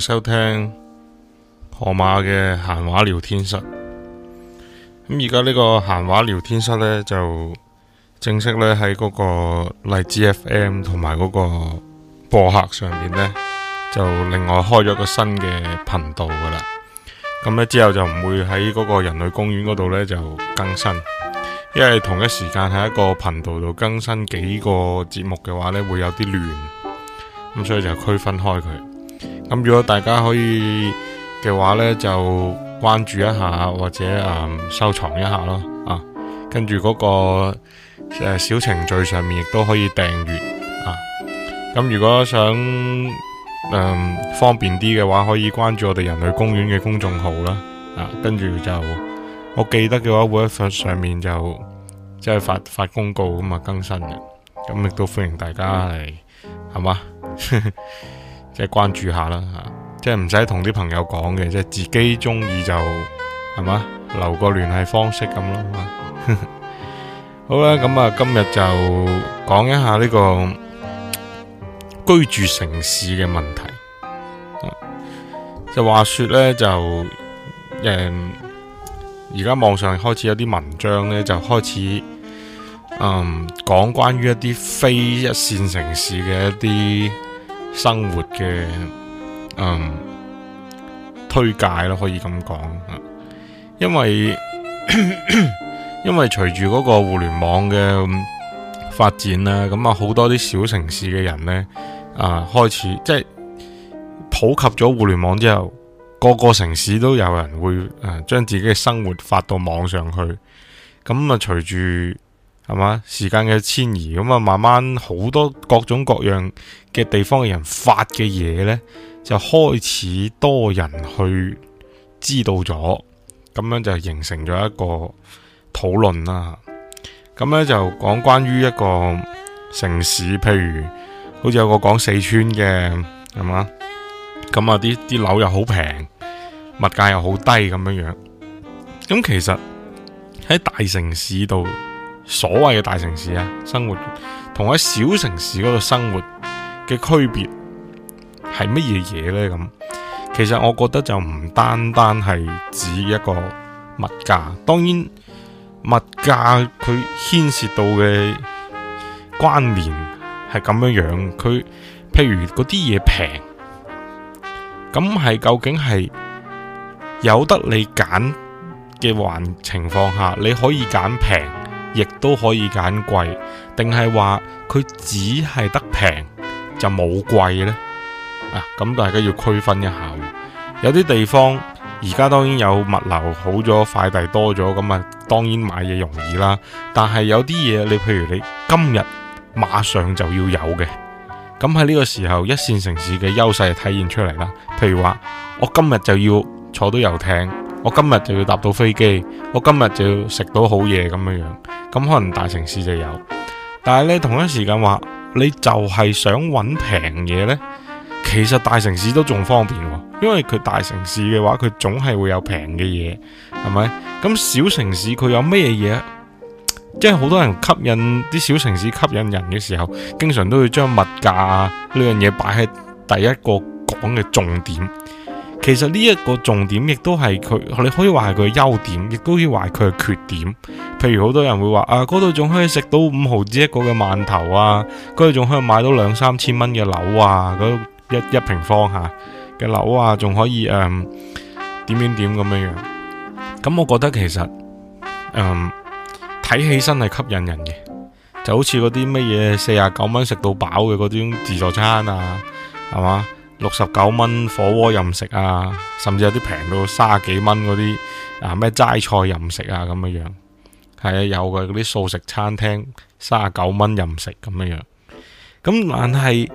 收聽河馬嘅閒話聊天室。咁而家呢個閒話聊天室呢，就正式呢喺嗰個荔枝 FM 同埋嗰個播客上面呢，就另外開咗個新嘅頻道噶啦。咁呢之後就唔會喺嗰個人類公園嗰度呢就更新，因為同一時間喺一個頻道度更新幾個節目嘅話呢，會有啲亂，咁所以就區分開佢。咁如果大家可以嘅話呢，就關注一下或者嗯收藏一下咯，啊，跟住嗰個、呃、小程序上面亦都可以訂閱，啊，咁如果想、呃、方便啲嘅話，可以關注我哋人類公園嘅公眾號啦，跟、啊、住就我記得嘅話 WeChat 上面就即係、就是、發發公告咁啊更新嘅，咁亦都歡迎大家嚟，係、嗯、嘛？是 即係關注下啦，吓，即係唔使同啲朋友講嘅，即係自己中意就係嘛，留個聯繫方式咁咯。 好啦，咁啊，今日就講一下呢個居住城市嘅問題。就話說呢，就誒，嗯、而家網上開始有啲文章呢，就開始嗯講關於一啲非一綫城市嘅一啲。生活嘅嗯推介咯，可以咁講，因為咳咳因為隨住嗰個互聯網嘅發展啦，咁啊好多啲小城市嘅人呢啊開始即係普及咗互聯網之後，個個城市都有人會誒將自己嘅生活發到網上去，咁啊隨住。係嘛？時間嘅遷移咁啊，慢慢好多各種各樣嘅地方嘅人發嘅嘢呢，就開始多人去知道咗，咁樣就形成咗一個討論啦。咁呢就講關於一個城市，譬如好似有一個講四川嘅，係嘛？咁啊，啲啲樓又好平，物價又好低，咁樣樣。咁其實喺大城市度。所謂嘅大城市啊，生活同喺小城市嗰度生活嘅區別係乜嘢嘢呢？咁其實我覺得就唔單單係指一個物價，當然物價佢牽涉到嘅關聯係咁樣樣。佢譬如嗰啲嘢平，咁係究竟係有得你揀嘅環情況下，你可以揀平。亦都可以揀貴，定係話佢只係得平就冇貴呢？啊，咁大家要區分一下。有啲地方而家當然有物流好咗，快遞多咗，咁啊當然買嘢容易啦。但係有啲嘢，你譬如你今日馬上就要有嘅，咁喺呢個時候，一線城市嘅優勢就體現出嚟啦。譬如話，我今日就要坐到遊艇。我今日就要搭到飛機，我今日就要食到好嘢咁樣樣，咁可能大城市就有。但係呢，同一時間話，你就係想揾平嘢呢？其實大城市都仲方便，因為佢大城市嘅話，佢總係會有平嘅嘢，係咪？咁小城市佢有咩嘢？即係好多人吸引啲小城市吸引人嘅時候，經常都會將物價啊呢樣嘢擺喺第一個講嘅重點。其實呢一個重點亦都係佢，你可以話係佢優點，亦都可以話係佢嘅缺點。譬如好多人會話啊，嗰度仲可以食到五毫子一個嘅饅頭啊，嗰度仲可以買到兩三千蚊嘅樓啊，嗰一一平方吓嘅樓啊，仲可以誒、嗯、點點點咁樣樣。咁我覺得其實，嗯、睇起身，係吸引人嘅，就好似嗰啲乜嘢四十九蚊食到飽嘅嗰種自助餐啊，係嘛？六十九蚊火鍋任食啊，甚至有啲平到三十幾蚊嗰啲啊，咩齋菜任食啊咁樣，係啊，有嘅嗰啲素食餐廳三十九蚊任食咁樣。咁但係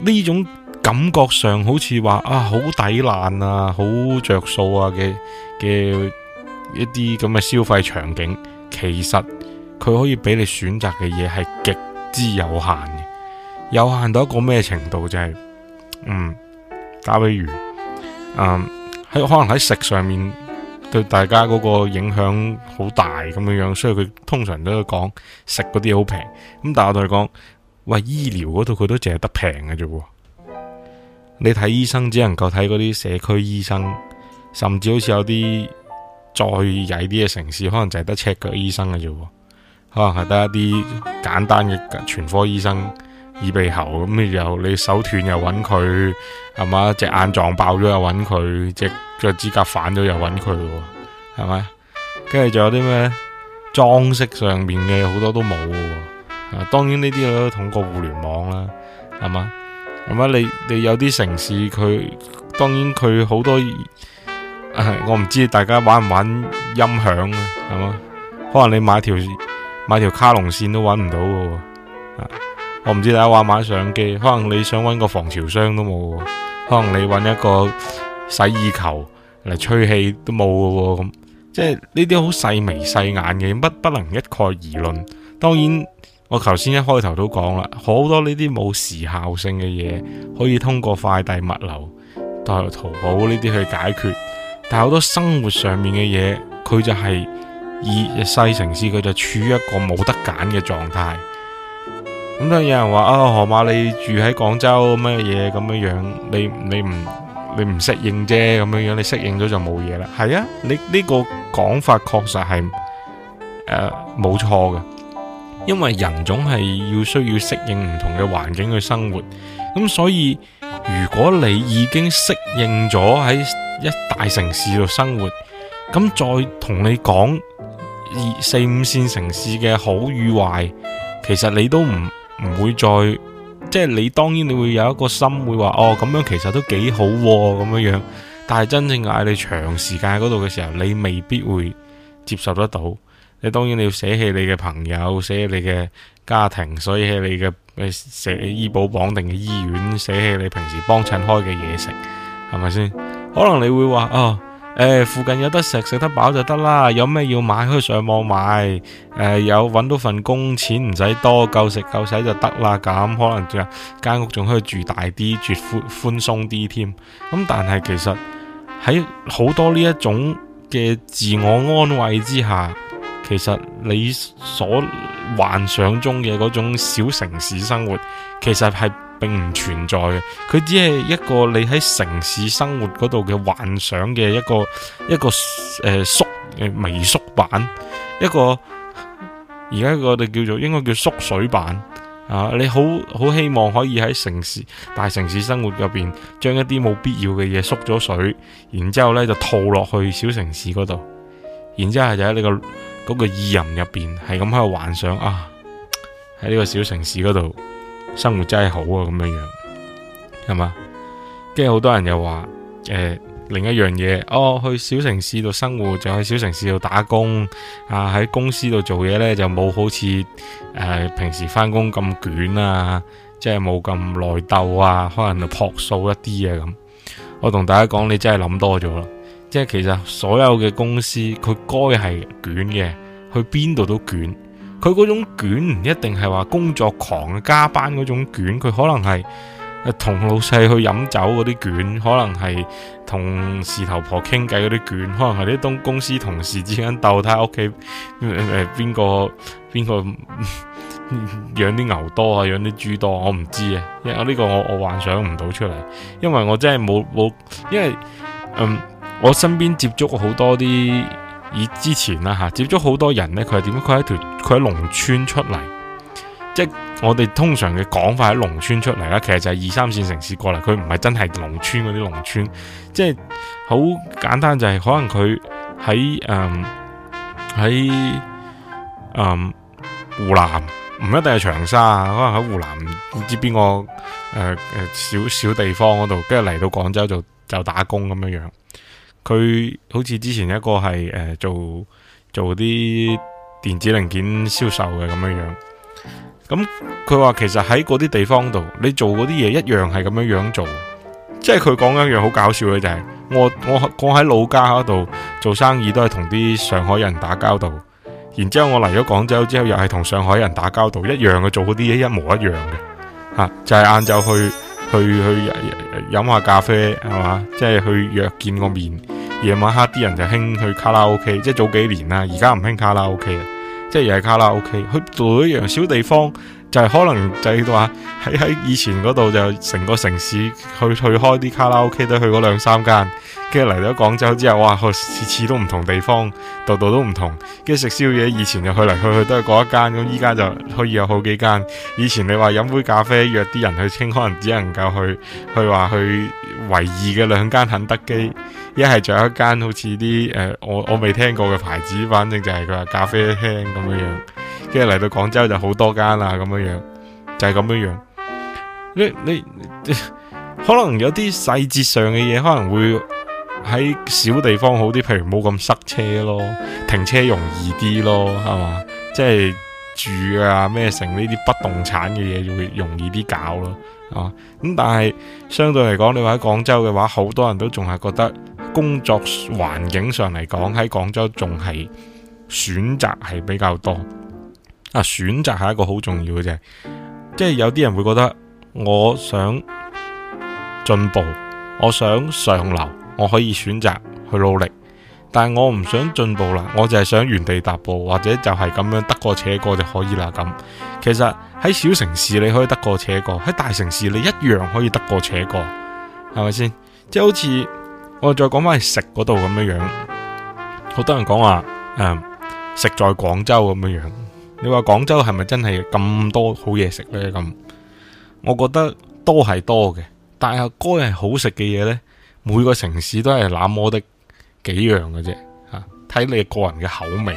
呢種感覺上好似話啊，好抵爛啊，好着數啊嘅嘅一啲咁嘅消費場景，其實佢可以俾你選擇嘅嘢係極之有限嘅，有限到一個咩程度就係、是。嗯，打比如，嗯，喺可能喺食上面對大家嗰個影響好大咁樣樣，所以佢通常都講食嗰啲好平。咁但係我同佢講，喂，醫療嗰度佢都淨係得平嘅啫。你睇醫生只能夠睇嗰啲社區醫生，甚至好似有啲再曳啲嘅城市，可能淨係得赤腳醫生嘅啫，可能係得一啲簡單嘅全科醫生。耳鼻喉咁，你又你手斷又揾佢，係嘛？隻眼撞爆咗又揾佢，隻腳指甲反咗又揾佢，係咪？跟住仲有啲咩裝飾上面嘅好多都冇，啊！當然呢啲都通過互聯網啦，係嘛？咁啊，你你有啲城市佢，當然佢好多，啊、我唔知大家玩唔玩音響，係嘛？可能你買條買條卡龍線都揾唔到嘅。啊我唔知大家玩唔玩相機，可能你想搵個防潮箱都冇，可能你搵一個洗耳球嚟吹氣都冇嘅，咁即係呢啲好細眉細眼嘅，乜不能一概而論。當然，我頭先一開頭都講啦，好多呢啲冇時效性嘅嘢，可以通過快遞物流，例如淘寶呢啲去解決。但係好多生活上面嘅嘢，佢就係以細城市佢就處於一個冇得揀嘅狀態。咁都有人話啊，河馬你住喺廣州乜嘢咁樣樣，你你唔你唔適應啫，咁樣樣你適應咗就冇嘢啦。係啊，你呢個講法確實係誒冇錯嘅，因爲人總係要需要適應唔同嘅環境去生活。咁所以如果你已經適應咗喺一大城市度生活，咁再同你講二四五綫城市嘅好與壞，其實你都唔。唔會再即係你，當然你會有一個心會話，哦，咁樣其實都幾好咁樣樣，但係真正嗌你長時間喺嗰度嘅時候，你未必會接受得到。你當然你要捨棄你嘅朋友，捨棄你嘅家庭，捨棄你嘅誒，捨醫保綁定嘅醫院，捨棄你平時幫襯開嘅嘢食，係咪先？可能你會話哦。欸、附近有得食，食得飽就得啦。有咩要買可以上網買。呃、有搵到份工，錢唔使多，夠食夠使就得啦。咁可能間屋仲可以住大啲，住寬鬆啲添。咁但係其實喺好多呢一種嘅自我安慰之下，其實你所幻想中嘅嗰種小城市生活，其實係。並唔存在嘅，佢只係一個你喺城市生活嗰度嘅幻想嘅一個一個誒縮、呃、微縮版，一個而家個我哋叫做應該叫縮水版啊！你好好希望可以喺城市大城市生活入邊，將一啲冇必要嘅嘢縮咗水，然之後呢就套落去小城市嗰度，然之後就喺呢個嗰個意淫入邊，係咁喺度幻想啊！喺呢個小城市嗰度。生活真係好啊，咁樣樣係嘛？跟住好多人又話，誒、呃，另一樣嘢，哦，去小城市度生活，就去小城市度打工啊，喺公司度做嘢呢，就冇好似誒、呃、平時翻工咁捲啊，即係冇咁內鬥啊，可能就樸素一啲啊咁。我同大家講，你真係諗多咗啦，即係其實所有嘅公司，佢該係捲嘅，去邊度都卷。佢嗰種捲唔一定係話工作狂加班嗰種捲，佢可能係同老細去飲酒嗰啲卷，可能係同事頭婆傾偈嗰啲卷，可能係啲東公司同事之間逗睇屋企邊個邊個養啲牛多啊，養啲豬多，我唔知啊，我呢個我我幻想唔到出嚟，因為我真係冇冇，因為嗯、呃、我身邊接觸好多啲。以之前啦吓接觸好多人咧，佢係點樣，佢喺條佢喺農村出嚟，即係我哋通常嘅講法喺農村出嚟啦。其實就係二三線城市過嚟，佢唔係真係農村嗰啲農村，即係好簡單就係可能佢喺嗯喺嗯湖南，唔一定係長沙，可能喺湖南唔知邊個誒誒小小地方嗰度，跟住嚟到廣州就就打工咁樣樣。佢好似之前一個係誒、呃、做做啲電子零件銷售嘅咁樣樣，咁佢話其實喺嗰啲地方度，你做嗰啲嘢一樣係咁樣樣做的，即係佢講一樣好搞笑嘅就係、是，我我我喺老家嗰度做生意都係同啲上海人打交道，然之後我嚟咗廣州之後又係同上海人打交道，一樣嘅做嗰啲嘢一模一樣嘅、啊，就係晏晝去去去飲下咖啡係嘛，即係、就是、去約見個面。夜晚黑啲人就興去卡拉 OK，即係早幾年啦，而家唔興卡拉 O K 啦，即係又係卡拉 O K。去做一樣小地方，就係可能就係話喺喺以前嗰度就成個城市去去開啲卡拉 O K 都去嗰兩三間，跟住嚟到廣州之後，哇，次次都唔同地方，度度都唔同。跟住食宵夜，以前就去嚟去去都係嗰一間，咁依家就可以有好幾間。以前你話飲杯咖啡約啲人去傾，可能只能夠去去話去。去唯二嘅兩間肯德基，一係仲有一間好似啲誒，我我未聽過嘅牌子，反正就係佢話咖啡廳咁樣樣，跟住嚟到廣州就好多間啦咁樣樣，就係咁樣樣。你你可能有啲細節上嘅嘢，可能會喺小地方好啲，譬如冇咁塞車咯，停車容易啲咯，係嘛？即係住啊咩成呢啲不動產嘅嘢會容易啲搞咯。啊，咁但係相對嚟講，你話喺廣州嘅話，好多人都仲係覺得工作環境上嚟講，喺廣州仲係選擇係比較多。啊，選擇係一個好重要嘅啫，即係有啲人會覺得，我想進步，我想上流，我可以選擇去努力。但係我唔想進步啦，我就係想原地踏步，或者就係咁樣得過且過就可以啦。咁其實喺小城市你可以得過且過，喺大城市你一樣可以得過且過，係咪先？即係好似我再講翻食嗰度咁樣樣，好多人講話、嗯、食在廣州咁樣樣。你話廣州係咪真係咁多好嘢食呢？咁我覺得多係多嘅，但係該係好食嘅嘢呢，每個城市都係那麼的。幾樣嘅啫，吓，睇你個人嘅口味，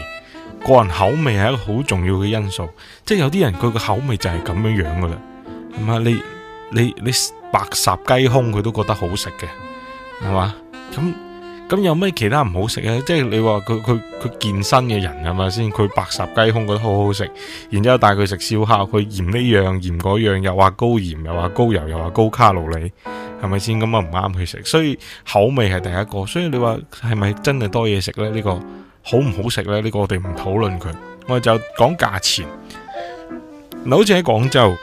個人口味係一個好重要嘅因素。即係有啲人佢個口味就係咁樣樣噶啦，係嘛？你你你白烚雞胸佢都覺得好食嘅，係嘛？咁。咁有咩其他唔好食啊？即係你話佢佢佢健身嘅人係咪先？佢白十雞胸覺得好好食，然之後帶佢食燒烤，佢嫌呢樣嫌嗰樣，又話高鹽，又話高油，又話高卡路里，係咪先咁啊？唔啱佢食，所以口味係第一個。所以你話係咪真係多嘢食呢？呢、呢個好唔好食呢？呢、呢個我哋唔討論佢，我哋就講價錢。嗱，好似喺廣州、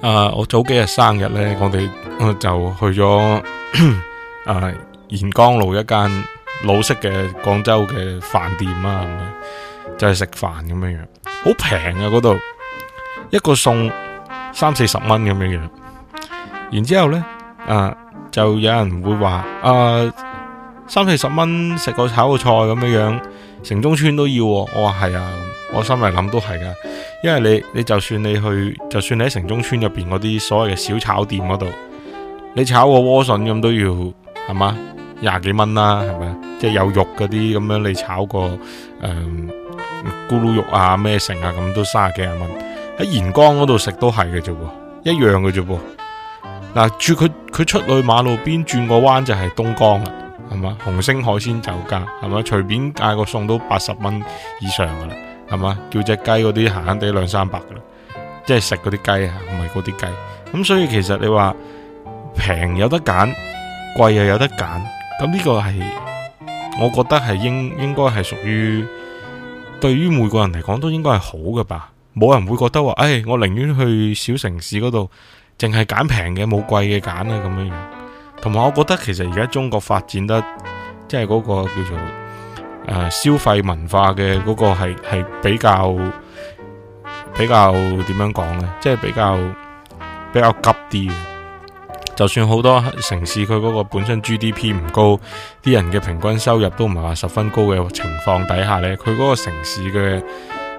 呃，我早幾日生日呢，我哋就去咗沿江路一間老式嘅廣州嘅飯店，就是，飯樣啊，就係食飯咁樣樣，好平啊！嗰度一個餸三四十蚊咁樣樣。然之後呢，啊就有人會話啊，三四十蚊食個炒個菜咁樣樣，城中村都要喎、哦。我話係啊，我心嚟諗都係噶，因為你你就算你去，就算你喺城中村入面嗰啲所謂嘅小炒店嗰度，你炒個萵筍咁都要係嘛？廿幾蚊啦，係咪？即係有肉嗰啲咁樣，你炒個誒、呃、咕嚕肉啊咩剩啊，咁都三十幾廿蚊。喺沿江嗰度食都係嘅啫喎，一樣嘅啫噃。嗱、啊、住佢，佢出去馬路邊轉個彎就係東江啦，係嘛？紅星海鮮酒家，係嘛？隨便嗌個餸，都八十蚊以上噶啦，係嘛？叫隻雞嗰啲閒閒哋兩三百噶啦，即係食嗰啲雞啊，唔係嗰啲雞。咁所以其實你話平有得揀，貴又有得揀。咁呢個係，我覺得係應應該係屬於對於每個人嚟講都應該係好嘅吧。冇人會覺得話，唉，我寧願去小城市嗰度，淨係揀平嘅，冇貴嘅揀啊咁樣樣，同埋，我覺得其實而家中國發展得，即係嗰個叫做，呃，消費文化嘅嗰個係係比較比較點樣講呢？即係比較比較急啲。就算好多城市佢嗰個本身 GDP 唔高，啲人嘅平均收入都唔係話十分高嘅情況底下咧，佢嗰個城市嘅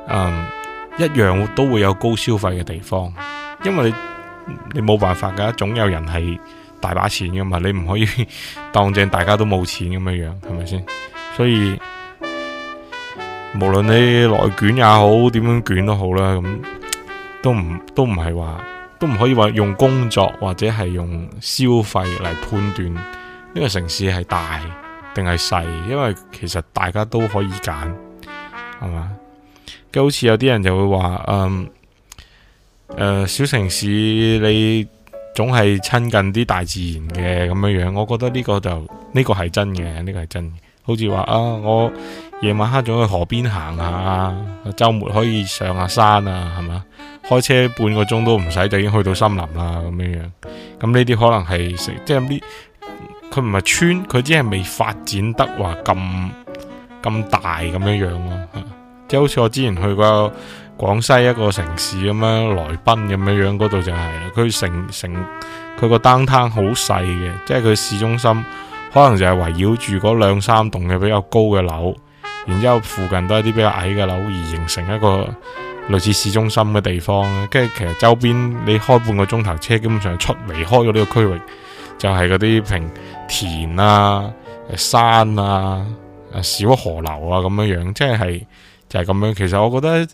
嗯一樣都會有高消費嘅地方，因為你你冇辦法噶，總有人係大把錢噶嘛，你唔可以當正大家都冇錢咁樣樣，係咪先？所以無論你內卷也好，點樣卷好都好啦，咁都唔都唔係話。都唔可以話用工作或者係用消費嚟判斷呢個城市係大定係細，因為其實大家都可以揀係嘛。好似有啲人就會話，嗯呃，小城市你總係親近啲大自然嘅咁樣樣。我覺得呢個就呢個係真嘅，呢個係真嘅。好似話啊，我。夜晚黑仲去河邊行下啊，周末可以上下山啊，係嘛？開車半個鐘都唔使，就已經去到森林啦，咁樣樣。咁呢啲可能係食，即係啲佢唔係村，佢只係未發展得話咁咁大咁樣樣咯。即係好似我之前去過廣西一個城市咁樣，來賓咁樣樣嗰度就係、是、啦。佢成，成佢個丹攤好細嘅，即係佢市中心可能就係圍繞住嗰兩三棟嘅比較高嘅樓。然之後附近都係啲比較矮嘅樓，而形成一個類似市中心嘅地方。跟住其實周邊你開半個鐘頭車，基本上出離開咗呢個區域，就係嗰啲平田啊、山啊、小河流啊咁樣樣，即係就係、係、咁樣。其實我覺得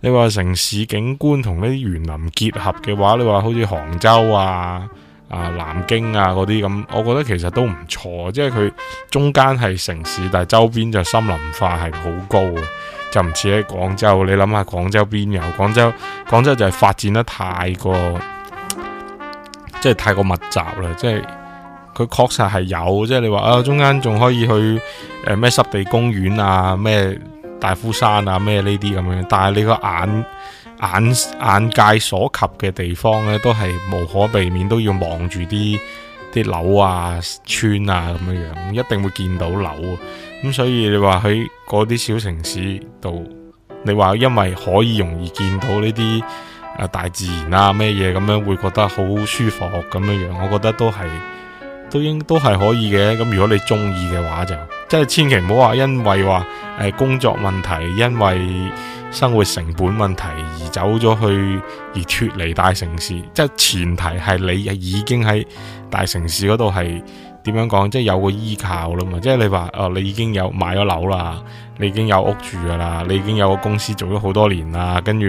你話城市景觀同呢啲園林結合嘅話，你話好似杭州啊。啊，南京啊，嗰啲咁，我覺得其實都唔錯，即係佢中間係城市，但係周邊就森林化係好高嘅，就唔似喺廣州。你諗下廣州邊有？廣州廣州就係發展得太過，即係太過密集啦。即係佢確實係有，即係你話啊，中間仲可以去呃、咩濕地公園啊，咩大夫山啊，咩呢啲咁樣，但係你個眼。眼眼界所及嘅地方咧，都係無可避免都要望住啲啲樓啊、村啊咁樣樣，一定會見到樓啊。咁所以你話喺嗰啲小城市度，你話因為可以容易見到呢啲大自然啊咩嘢咁樣，會覺得好舒服咁樣樣，我覺得都係。都應都係可以嘅，咁如果你中意嘅話就即係千祈唔好話，因為話誒工作問題，因為生活成本問題而走咗去而脫離大城市，即係前提係你已經喺大城市嗰度係。點樣講，即係有個依靠啦嘛，即係你話哦、啊，你已經有買咗樓啦，你已經有屋住噶啦，你已經有個公司做咗好多年啦，跟住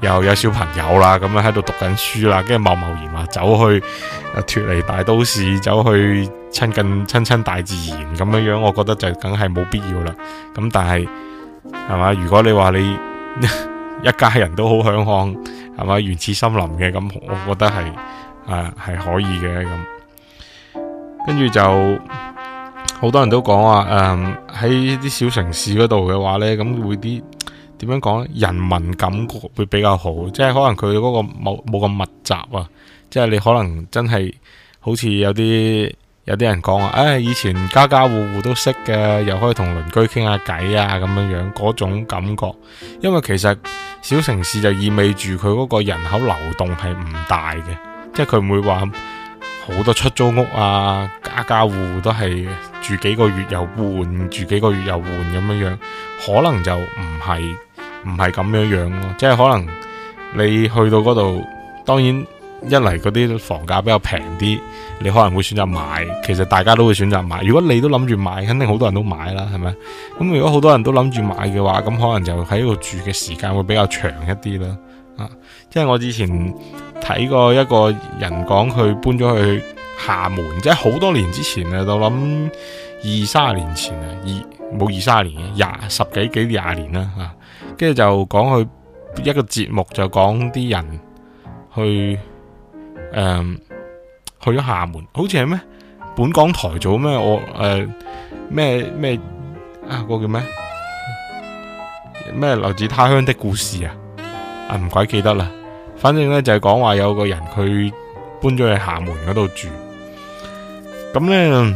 又有小朋友啦，咁樣喺度讀緊書啦，跟住貿貿然話走去脫離大都市，走去親近親親大自然咁樣樣，我覺得就梗係冇必要啦。咁但係係嘛，如果你話你 一家人都好向往係嘛原始森林嘅，咁我覺得係啊係可以嘅咁。跟住就好多人都講話，誒，喺啲小城市嗰度嘅話呢，咁會啲點樣講？人民感覺會比較好，即係可能佢嗰個冇冇咁密集啊，即係你可能真係好似有啲有啲人講話，誒、哎、以前家家戶戶都識嘅，又可以同鄰居傾下偈啊，咁樣樣嗰種感覺。因為其實小城市就意味住佢嗰個人口流動係唔大嘅，即係佢唔會話。好多出租屋啊，家家戶戶都係住幾個月又換，住幾個月又換咁樣樣，可能就唔係唔係咁樣樣，啊，咯。即係可能你去到嗰度，當然一嚟，嗰啲房價比較平啲，你可能會選擇買。其實大家都會選擇買。如果你都諗住買，肯定好多人都買啦，係咪？咁如果好多人都諗住買嘅話，咁可能就喺度住嘅時間會比較長一啲啦。啊，即係我之前。睇過一個人講佢搬咗去廈門，即係好多年之前, 2, 年前 2, 2, 年 20, 年啊，到諗二三十年前啊，二冇二三十年，廿十幾幾廿年啦吓，跟住就講佢一個節目就講啲人去誒、呃、去咗廈門，好似係咩本港台做咩我誒咩咩啊、嗰個叫咩咩來自他鄉的故事啊，啊唔鬼記得啦。反正咧就係講話有個人佢搬咗去廈門嗰度住，咁咧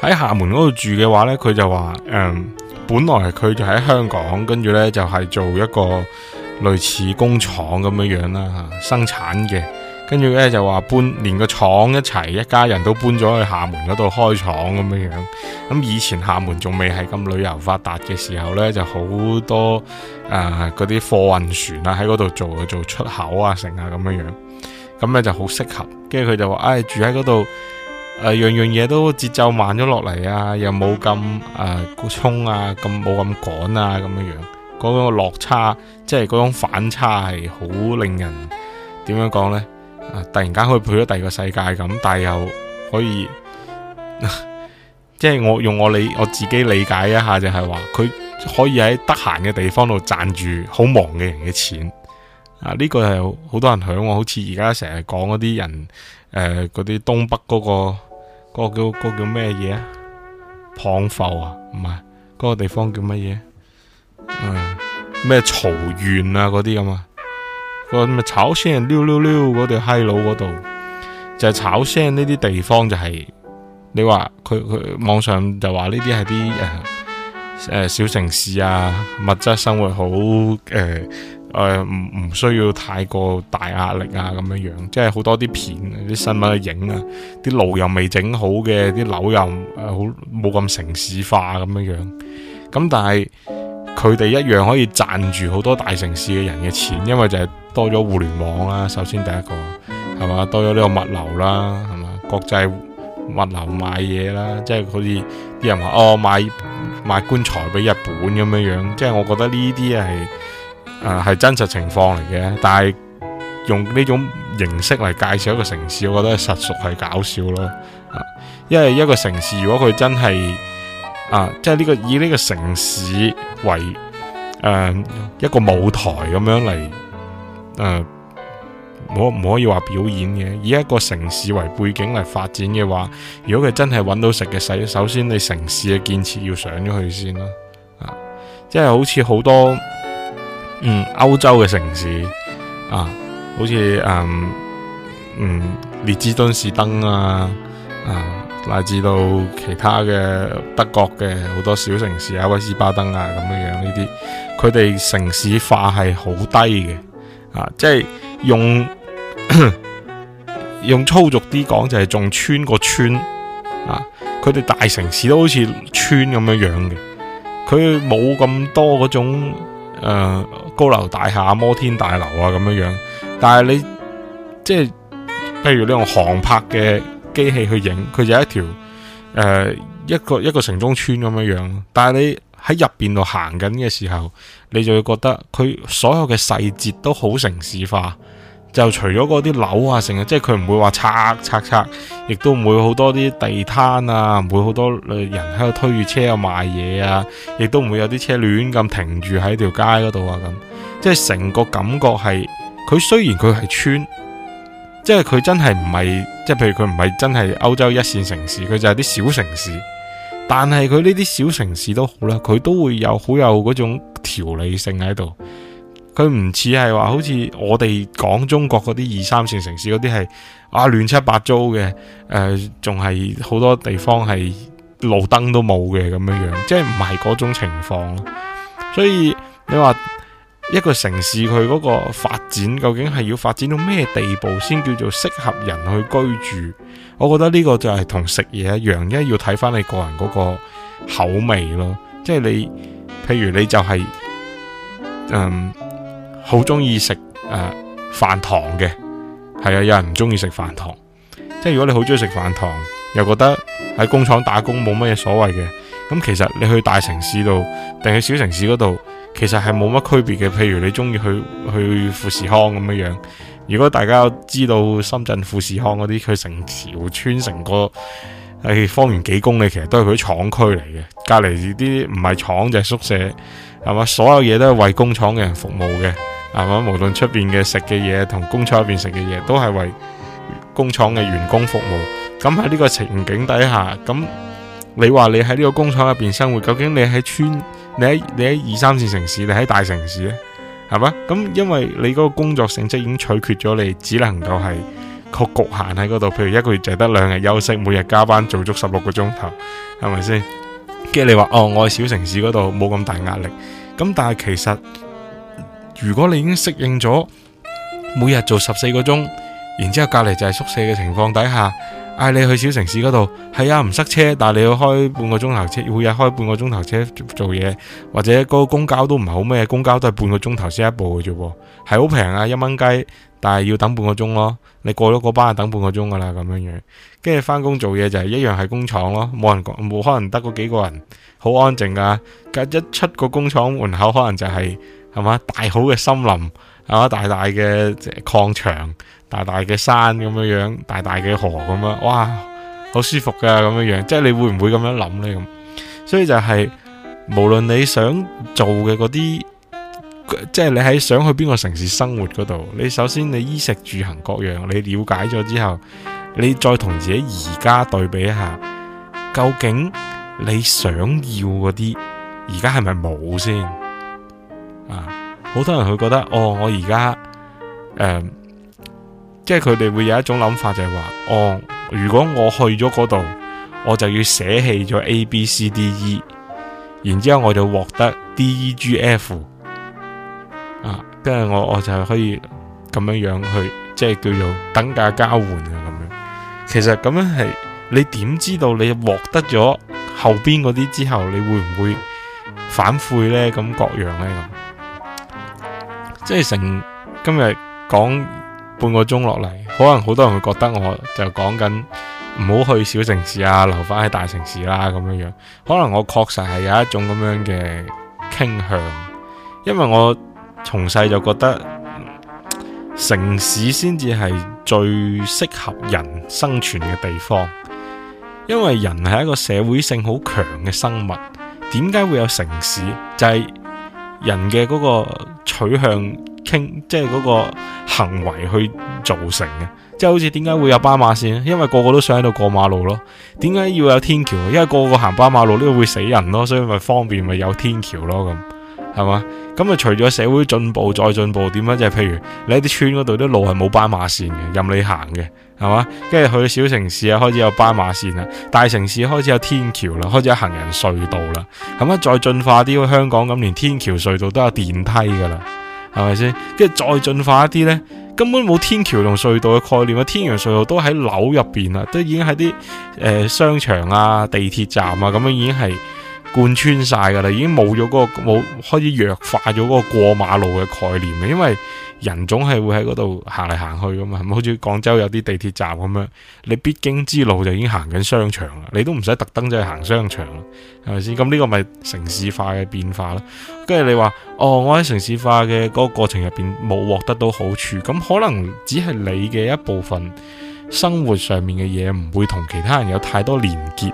喺廈門嗰度住嘅話咧，佢就話誒、嗯，本來佢就喺香港，跟住咧就係、是、做一個類似工廠咁樣樣啦吓，生產嘅。跟住呢，就話搬連個廠一齊，一家人都搬咗去廈門嗰度開廠咁樣樣。咁以前廈門仲未係咁旅遊發達嘅時候呢，就好多誒、嗰啲貨運船啊，喺嗰度做做出口啊，成啊咁樣樣。咁呢就好適合。跟住佢就話，唉住喺嗰度，誒、樣樣嘢都節奏慢咗落嚟啊，又冇咁誒衝啊，咁冇咁趕啊，咁樣樣。嗰種落差，即係嗰種反差，係好令人點樣講呢？啊！突然間可以去咗第二個世界咁，但係又可以，啊、即係我用我理我自己理解一下就是說，就係話佢可以喺得閒嘅地方度賺住好忙嘅人嘅錢。啊！呢、這個係好多人響，我好似而家成日講嗰啲人，誒、呃，嗰啲東北嗰、那個嗰、那個那個叫嗰、那個、叫咩嘢啊？蚌埠啊？唔係，嗰個地方叫乜嘢？咩曹縣啊？嗰啲咁啊？個炒聲溜溜溜嗰度，嗨佬嗰度就係、是、炒聲呢啲地方就係、是，你話佢佢網上就話呢啲係啲誒誒小城市啊，物質生活好誒誒唔唔需要太過大壓力啊咁樣樣，即係好多啲片啲新聞影啊，啲路又未整好嘅，啲樓又誒好冇咁城市化咁樣樣，咁但係佢哋一樣可以賺住好多大城市嘅人嘅錢，因為就係、是。多咗互聯網啦，首先第一個係嘛，多咗呢個物流啦，係嘛國際物流買嘢啦，即係好似啲人話哦買買棺材俾日本咁樣樣，即係我覺得呢啲係誒係真實情況嚟嘅，但係用呢種形式嚟介紹一個城市，我覺得實屬係搞笑咯。啊，因為一個城市如果佢真係啊，即係呢、這個以呢個城市為誒、呃、一個舞台咁樣嚟。誒、呃，我唔可以話表演嘅，以一個城市為背景嚟，發展嘅話，如果佢真係搵到食嘅，首首先你城市嘅建設要上咗去先啦，即、啊、係、就是、好似好多，嗯，歐洲嘅城市啊，好似誒、嗯，嗯，列支敦士登啊，啊，乃至到其他嘅德國嘅好多小城市啊，威斯巴登啊咁樣樣呢啲，佢哋城市化係好低嘅。啊，即係用用粗俗啲講，就係、是、仲穿個村啊！佢哋大城市都好似村咁樣樣嘅，佢冇咁多嗰種誒、呃、高樓大廈、摩天大樓啊咁樣樣。但係你即係，譬如你用航拍嘅機器去影，佢就一條誒、呃、一個一個城中村咁樣樣。但係你喺入邊度行緊嘅時候。你就會覺得佢所有嘅細節都好城市化，就除咗嗰啲樓啊，成日即係佢唔會話拆拆拆，亦都唔會好多啲地攤啊，唔會好多人喺度推住車啊賣嘢啊，亦都唔會有啲車亂咁停住喺條街嗰度啊咁，即係成個感覺係佢雖然佢係村，即係佢真係唔係，即係譬如佢唔係真係歐洲一線城市，佢就係啲小城市。但係佢呢啲小城市都好啦，佢都會有好有嗰種條理性喺度。佢唔似係話好似我哋講中國嗰啲二三線城市嗰啲係啊亂七八糟嘅，誒仲係好多地方係路燈都冇嘅咁樣樣，即係唔係嗰種情況。所以你話一個城市佢嗰個發展究竟係要發展到咩地步先叫做適合人去居住？我覺得呢個就係同食嘢一樣，因為要睇翻你個人嗰個口味咯。即係你，譬如你就係、是，嗯，好中意食誒飯堂嘅，係啊，有人唔中意食飯堂。即係如果你好中意食飯堂，又覺得喺工廠打工冇乜嘢所謂嘅，咁其實你去大城市度，定去小城市嗰度，其實係冇乜區別嘅。譬如你中意去去富士康咁樣樣。如果大家知道深圳富士康嗰啲，佢成條村成個係、哎、方圓幾公里，其實都係佢廠區嚟嘅。隔籬啲唔係廠就係、是、宿舍，係嘛？所有嘢都係為工廠嘅人服務嘅，係嘛？無論出邊嘅食嘅嘢，同工廠入邊食嘅嘢，都係為工廠嘅員工服務。咁喺呢個情景底下，咁你話你喺呢個工廠入邊生活，究竟你喺村，你喺你喺二三線城市，你喺大城市呢？係嘛？咁因為你嗰個工作性質已經取決咗你，只能夠係個局限喺嗰度。譬如一個月就得兩日休息，每日加班做足十六個鐘頭，係咪先？跟住你話哦，我喺小城市嗰度冇咁大壓力。咁但係其實，如果你已經適應咗每日做十四個鐘，然之後隔籬就係宿舍嘅情況底下。嗌、啊、你去小城市嗰度，係啊唔塞車，但係你要開半個鐘頭車，每日開半個鐘頭車做嘢，或者個公交都唔係好咩，公交都係半個鐘頭先一步嘅啫喎，係好平啊一蚊雞，但係要等半個鐘咯，你過咗個班就等半個鐘噶啦咁樣樣，跟住翻工做嘢就係、是、一樣係工廠咯，冇人冇可能得嗰幾個人，好安靜噶、啊，隔一出個工廠門口可能就係係嘛大好嘅森林嘛大大嘅礦場。大大嘅山咁樣樣，大大嘅河咁樣，哇，好舒服噶咁樣樣，即係你會唔會咁樣諗呢？咁，所以就係無論你想做嘅嗰啲，即係你喺想去邊個城市生活嗰度，你首先你衣食住行各樣，你了解咗之後，你再同自己而家對比一下，究竟你想要嗰啲而家係咪冇先？啊，好多人佢覺得哦，我而家誒。呃即係佢哋會有一種諗法，就係話，哦，如果我去咗嗰度，我就要捨棄咗 A、B、C、D、E，然之後我就獲得 D、E、G、F，啊，跟住我我就可以咁樣樣去，即係叫做等價交換啊咁樣。其實咁樣係，你點知道你獲得咗後邊嗰啲之後，你會唔會反悔呢？咁各樣呢？咁，即係成今日講。半個鐘落嚟，可能好多人會覺得我就講緊唔好去小城市啊，留翻喺大城市啦、啊、咁樣樣。可能我確實係有一種咁樣嘅傾向，因為我從細就覺得城市先至係最適合人生存嘅地方。因為人係一個社會性好強嘅生物，點解會有城市？就係、是、人嘅嗰個取向。傾即係嗰個行為去造成嘅，即係好似點解會有斑馬線？因為個個都想喺度過馬路咯。點解要有天橋？因為個個行斑馬路呢個會死人咯，所以咪方便咪有天橋咯咁，係嘛？咁啊，除咗社會進步再進步，點解？即係譬如你喺啲村嗰度啲路係冇斑馬線嘅，任你行嘅，係嘛？跟住去小城市啊，開始有斑馬線啦、啊，大城市開始有天橋啦，開始有行人隧道啦，咁啊，再進化啲，香港咁連天橋隧道都有電梯噶啦。係咪先？跟住再進化一啲呢，根本冇天橋同隧道嘅概念啊！天橋隧道都喺樓入面啦，都已經喺啲、呃、商場啊、地鐵站啊咁樣已經係貫穿晒㗎啦，已經冇咗嗰個冇開始弱化咗嗰個過馬路嘅概念嘅，因為人總係會喺嗰度行嚟行去噶嘛，係咪好似廣州有啲地鐵站咁樣，你必經之路就已經行緊商場啦，你都唔使特登走去行商場啦，係咪先？咁呢個咪城市化嘅變化啦。跟住你話哦，我喺城市化嘅嗰個過程入邊冇獲得到好處，咁可能只係你嘅一部分生活上面嘅嘢唔會同其他人有太多連結，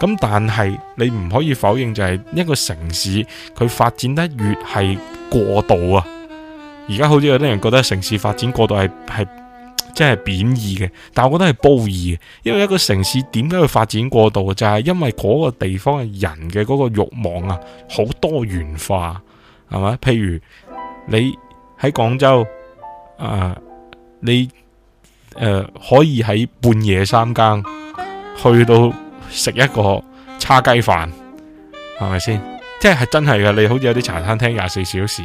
咁但係你唔可以否認就係一個城市佢發展得越係過度啊。而家好似有啲人覺得城市發展過度係係即係貶義嘅，但我覺得係褒義嘅，因為一個城市點解會發展過度就係、是、因為嗰個地方嘅人嘅嗰個欲望啊，好多元化，係咪？譬如你喺廣州啊，你誒、呃呃、可以喺半夜三更去到食一個叉雞飯，係咪先？即係真係嘅，你好似有啲茶餐廳廿四小時。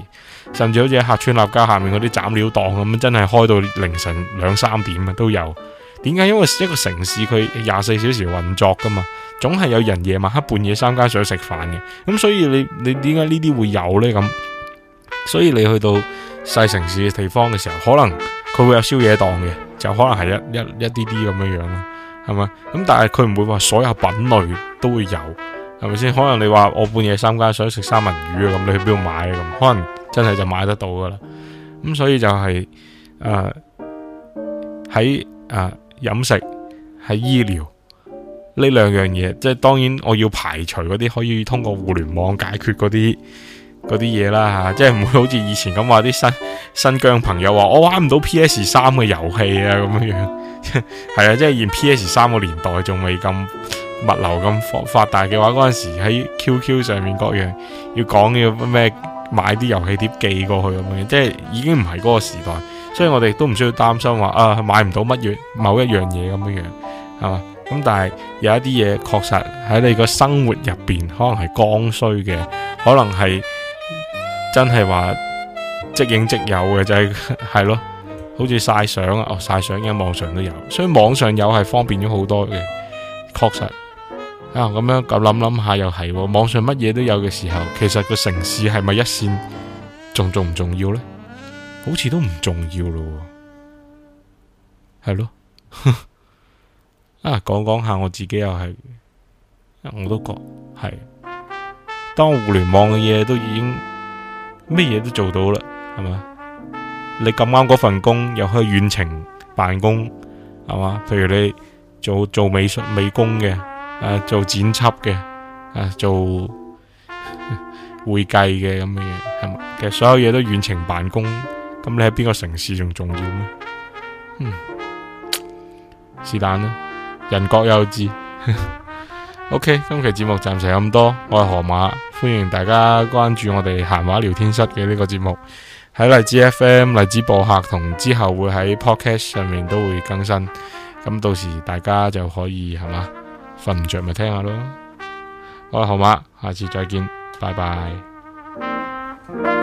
甚至好似客村立交下面嗰啲斬料檔咁，真係開到凌晨兩三點啊，都有。點解？因為一個城市佢廿四小時運作噶嘛，總係有人夜晚黑半夜三更想食飯嘅。咁所以你你點解呢啲會有呢？咁，所以你去到細城市嘅地方嘅時候，可能佢會有宵夜檔嘅，就可能係一一一啲啲咁樣樣咯，係咪？咁但係佢唔會話所有品類都會有，係咪先？可能你話我半夜三更想食三文魚啊，咁你去邊度買啊？咁可能。真係就買得到噶啦，咁所以就係誒喺誒飲食，喺醫療呢兩樣嘢，即係當然我要排除嗰啲可以通過互聯網解決嗰啲啲嘢啦吓，即係唔會好似以前咁話啲新新疆朋友話我玩唔到 P S 三嘅遊戲啊咁樣樣，係 啊，即係現 P S 三嘅年代仲未咁物流咁發發達嘅話，嗰陣時喺 Q Q 上面各樣要講要咩？買啲遊戲碟，寄過去咁樣，即係已經唔係嗰個時代，所以我哋都唔需要擔心話啊買唔到乜嘢某一樣嘢咁樣樣，係嘛？咁但係有一啲嘢確實喺你個生活入邊，可能係剛需嘅，可能係真係話即影即有嘅就係係咯，好似曬相啊，哦，曬相喺網上都有，所以網上有係方便咗好多嘅，確實。啊，咁樣咁諗諗下又係喎，網上乜嘢都有嘅時候，其實個城市係咪一線仲重唔重要咧？好似都唔重要，哦，咯，係咯？啊，講講下我自己又係，我都覺係。當互聯網嘅嘢都已經乜嘢都做到啦，係嘛？你咁啱嗰份工又可以遠程辦公，係嘛？譬如你做做美術美工嘅。啊、做剪輯嘅、啊，做 會計嘅咁嘅嘢，係嘛？其實所有嘢都遠程辦公，咁你喺邊個城市仲重要呢？是但啦，人各有志。 OK，今期節目暫時咁多，我係河馬，歡迎大家關注我哋閒話聊天室嘅呢個節目喺荔枝 F M、荔枝播客，同之後會喺 Podcast 上面都會更新。咁到時大家就可以係嘛。瞓唔着咪聽下咯，好，好啦，好嘛，下次再見，拜拜。